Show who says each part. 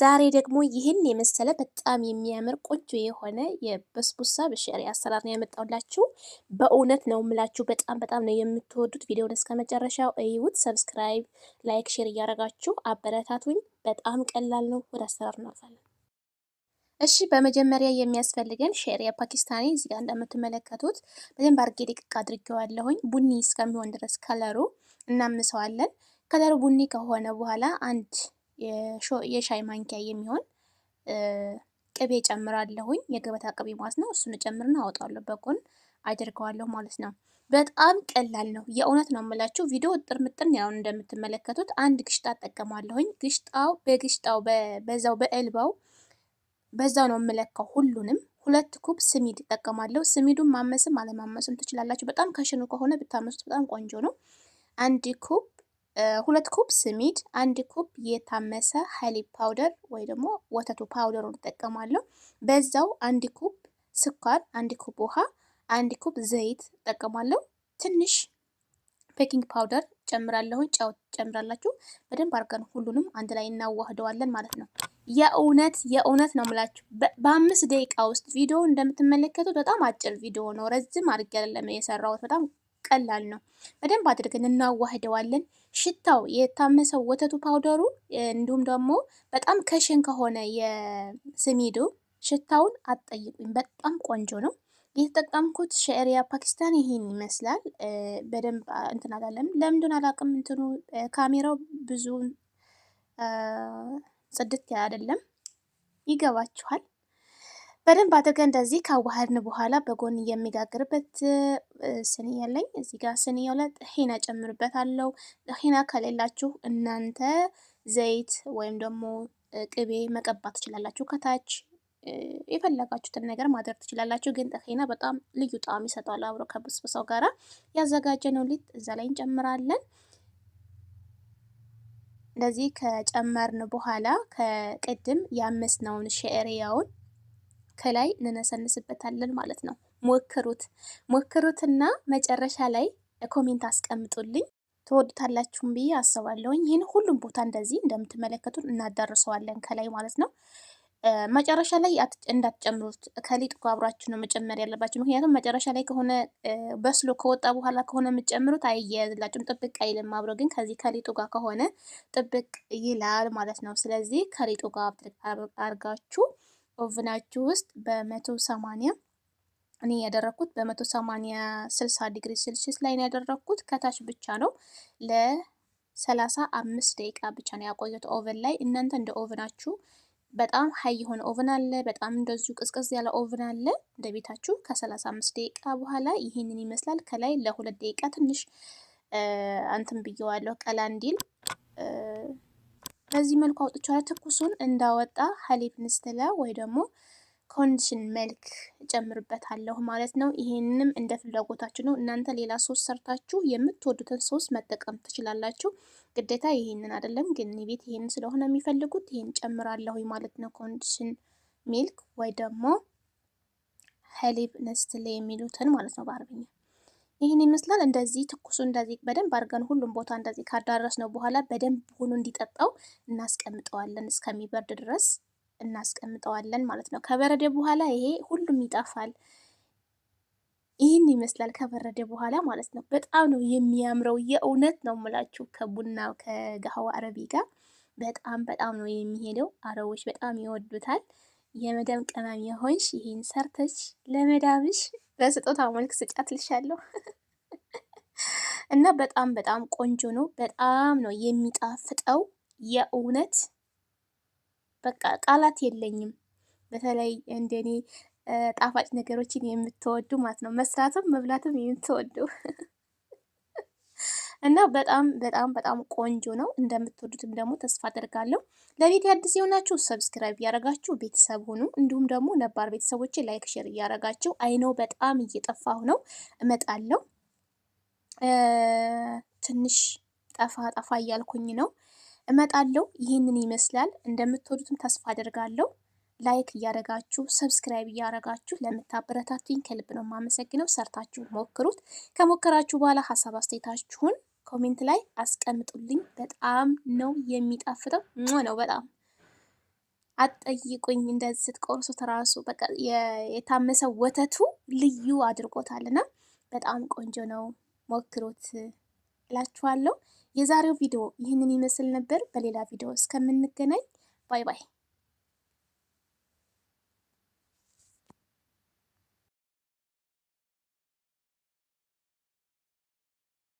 Speaker 1: ዛሬ ደግሞ ይህን የመሰለ በጣም የሚያምር ቆንጆ የሆነ የበስቡሳ በሸሪ አሰራር ነው ያመጣሁላችሁ። በእውነት ነው ምላችሁ፣ በጣም በጣም ነው የምትወዱት። ቪዲዮን እስከ መጨረሻው እዩት። ሰብስክራይብ፣ ላይክ፣ ሼር እያደረጋችሁ አበረታቱኝ። በጣም ቀላል ነው። ወደ አሰራር እናልፋለን። እሺ በመጀመሪያ የሚያስፈልገን ሸሪያ ፓኪስታኒ እዚህ ጋር እንደምትመለከቱት በደንብ አድርጌ ደቅቅ አድርጌዋለሁኝ ቡኒ እስከሚሆን ድረስ ከለሩ እናምሰዋለን። ከለሩ ቡኒ ከሆነ በኋላ አንድ የሻይ ማንኪያ የሚሆን ቅቤ ጨምራለሁኝ። የገበታ ቅቤ ማለት ነው። እሱን ጨምርና አወጣዋለሁ፣ በጎን አድርገዋለሁ ማለት ነው። በጣም ቀላል ነው። የእውነት ነው የምላችሁ። ቪዲዮ ጥር ምጥን እንደምትመለከቱት አንድ ግሽጣ እጠቀማለሁኝ። ግሽጣው በግሽጣው በዛው በእልባው በዛው ነው የምለካው ሁሉንም። ሁለት ኩብ ስሚድ እጠቀማለሁ። ስሚዱን ማመስም አለማመስም ትችላላችሁ። በጣም ከሽኑ ከሆነ ብታመሱት በጣም ቆንጆ ነው። አንድ ኩብ ሁለት ኩብ ስሚድ፣ አንድ ኩብ የታመሰ ሀሊብ ፓውደር ወይ ደግሞ ወተቱ ፓውደሩን እጠቀማለሁ። በዛው አንድ ኩብ ስኳር፣ አንድ ኩብ ውሃ፣ አንድ ኩብ ዘይት እጠቀማለሁ። ትንሽ ቤኪንግ ፓውደር ጨምራለሁ። ጨው ጨምራላችሁ። በደንብ አድርገን ሁሉንም አንድ ላይ እናዋህደዋለን ማለት ነው። የእውነት የእውነት ነው ምላችሁ። በአምስት ደቂቃ ውስጥ ቪዲዮ እንደምትመለከቱት በጣም አጭር ቪዲዮ ነው። ረዝም አድርጌ አይደለም የሰራሁት በጣም ቀላል ነው። በደንብ አድርገን እናዋህደዋለን። ሽታው የታመሰው ወተቱ ፓውደሩ እንዲሁም ደግሞ በጣም ከሽን ከሆነ የስሚዱ ሽታውን አትጠይቁኝ። በጣም ቆንጆ ነው። የተጠቀምኩት ሸሪያ ፓኪስታን ይሄን ይመስላል። በደንብ እንትን አላለም። ለምንድን አላውቅም፣ እንትኑ ካሜራው ብዙ ጽድት አይደለም። ይገባችኋል። በደንብ አድርገን እንደዚህ ካዋሃድን በኋላ በጎን የሚጋግርበት ስኒ ያለኝ እዚህ ጋር ስኒው ላይ ሂና ጨምርበታለሁ። ሂና ከሌላችሁ እናንተ ዘይት ወይም ደግሞ ቅቤ መቀባት ትችላላችሁ። ከታች የፈለጋችሁትን ነገር ማድረግ ትችላላችሁ። ግን ሂና በጣም ልዩ ጣዕም ይሰጠዋል። አብሮ ከብስብሳው ጋራ ያዘጋጀነው ሊጥ እዛ ላይ እንጨምራለን። እንደዚህ ከጨመርን በኋላ ከቅድም ያመስነውን ሸሪያውን ከላይ እንነሰንስበታለን ማለት ነው። ሞክሩት ሞክሩትና መጨረሻ ላይ ኮሜንት አስቀምጡልኝ። ትወዱታላችሁም ብዬ አስባለሁኝ። ይህን ሁሉም ቦታ እንደዚህ እንደምትመለከቱት እናዳርሰዋለን ከላይ ማለት ነው። መጨረሻ ላይ እንዳትጨምሩት፣ ከሊጡ አብራችሁ ነው መጨመር ያለባችሁ። ምክንያቱም መጨረሻ ላይ ከሆነ በስሎ ከወጣ በኋላ ከሆነ የምጨምሩት አይያያዝላችሁም፣ ጥብቅ አይልም። አብሮ ግን ከዚህ ከሊጡ ጋር ከሆነ ጥብቅ ይላል ማለት ነው። ስለዚህ ከሊጡ ጋር አርጋችሁ ኦቭናችሁ ውስጥ በመቶ ሰማንያ እኔ ያደረኩት በመቶ ሰማንያ ስልሳ ዲግሪ ሴልሺየስ ላይ ነው ያደረኩት። ከታች ብቻ ነው ለሰላሳ አምስት ደቂቃ ብቻ ነው ያቆየሁት ኦቨን ላይ። እናንተ እንደ ኦቨናችሁ በጣም ሀይ የሆነ ኦቨን አለ፣ በጣም እንደዚሁ ቅዝቅዝ ያለ ኦቨን አለ። እንደ ቤታችሁ ከሰላሳ አምስት ደቂቃ በኋላ ይህንን ይመስላል። ከላይ ለሁለት ደቂቃ ትንሽ አንትን ብየዋለሁ ቀላ እንዲል በዚህ መልኩ አውጥቼዋለሁ። ትኩሱን እንዳወጣ ሀሊብ ንስትለ ወይ ደግሞ ኮንዲሽን መልክ እጨምርበታለሁ ማለት ነው። ይሄንም እንደ ፍላጎታችሁ ነው። እናንተ ሌላ ሶስ ሰርታችሁ የምትወዱትን ሶስ መጠቀም ትችላላችሁ። ግዴታ ይሄንን አይደለም፣ ግን ቤት ይሄንን ስለሆነ የሚፈልጉት ይሄን ጨምራለሁ ማለት ነው። ኮንዲሽን ሚልክ ወይ ደግሞ ሀሊብ ነስትሌ የሚሉትን ማለት ነው በአረብኛ ይህን ይመስላል። እንደዚህ ትኩሱ እንደዚህ በደንብ አድርገን ሁሉም ቦታ እንደዚህ ካዳረስ ነው በኋላ በደንብ ሆኖ እንዲጠጣው እናስቀምጠዋለን እስከሚበርድ ድረስ እናስቀምጠዋለን ማለት ነው። ከበረደ በኋላ ይሄ ሁሉም ይጠፋል። ይህን ይመስላል ከበረደ በኋላ ማለት ነው። በጣም ነው የሚያምረው። የእውነት ነው ምላችሁ ከቡና ከጋህዋ አረቢ ጋር በጣም በጣም ነው የሚሄደው። አረቦች በጣም ይወዱታል። የመዳም ቅመም የሆንሽ ይህን ሰርተች ለመዳብሽ በስጦታ መልክ ስጫት ልሻለሁ እና በጣም በጣም ቆንጆ ነው። በጣም ነው የሚጣፍጠው። የእውነት በቃ ቃላት የለኝም። በተለይ እንደኔ ጣፋጭ ነገሮችን የምትወዱ ማለት ነው መስራትም መብላትም የምትወዱ እና በጣም በጣም በጣም ቆንጆ ነው። እንደምትወዱትም ደግሞ ተስፋ አደርጋለሁ። ለቤት አዲስ የሆናችሁ ሰብስክራይብ እያደረጋችሁ ቤተሰብ ሆኑ። እንዲሁም ደግሞ ነባር ቤተሰቦች ላይክ፣ ሼር እያደረጋችሁ አይነው በጣም እየጠፋሁ ነው። እመጣለሁ ትንሽ ጠፋ ጠፋ እያልኩኝ ነው። እመጣለሁ። ይህንን ይመስላል። እንደምትወዱትም ተስፋ አደርጋለሁ። ላይክ እያደረጋችሁ ሰብስክራይብ እያደረጋችሁ ለምታበረታቱኝ ከልብ ነው የማመሰግነው። ሰርታችሁ ሞክሩት። ከሞከራችሁ በኋላ ሀሳብ አስተያየታችሁን ኮሜንት ላይ አስቀምጡልኝ። በጣም ነው የሚጣፍጠው ነው በጣም አጠይቁኝ እንደዚህ ስትቆርሱት ራሱ በቃ የታመሰ ወተቱ ልዩ አድርጎታል እና በጣም ቆንጆ ነው፣ ሞክሮት እላችኋለሁ። የዛሬው ቪዲዮ ይህንን ይመስል ነበር። በሌላ ቪዲዮ እስከምንገናኝ ባይ ባይ።